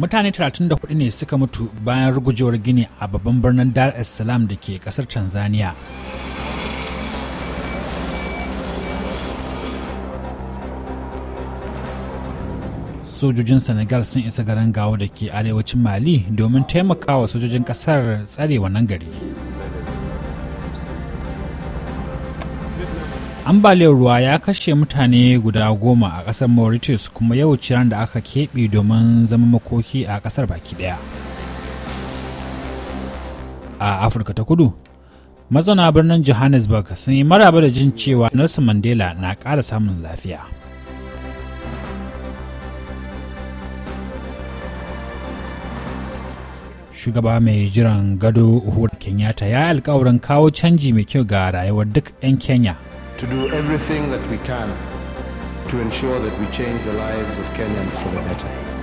mutane 34 ne suka mutu bayan rugujewar gini a babban birnin dar es salaam da ke kasar tanzania sojojin senegal sun isa garin gawo da ke arewacin mali domin taimakawa sojojin kasar tsare wannan gari ambaliyar ruwa ya kashe mutane guda goma a ƙasar mauritius kuma yau ciran da aka keɓe domin zama makoki a ƙasar baki ɗaya a afirka ta kudu mazauna birnin johannesburg sun yi maraba da jin cewa nelson mandela na ƙara samun lafiya shugaba mai jiran gado uhuru kenyatta ya alkawarin kawo canji mai kyau ga rayuwar duk 'yan kenya to do everything that we can to ensure that we change the lives of Kenyans for the better.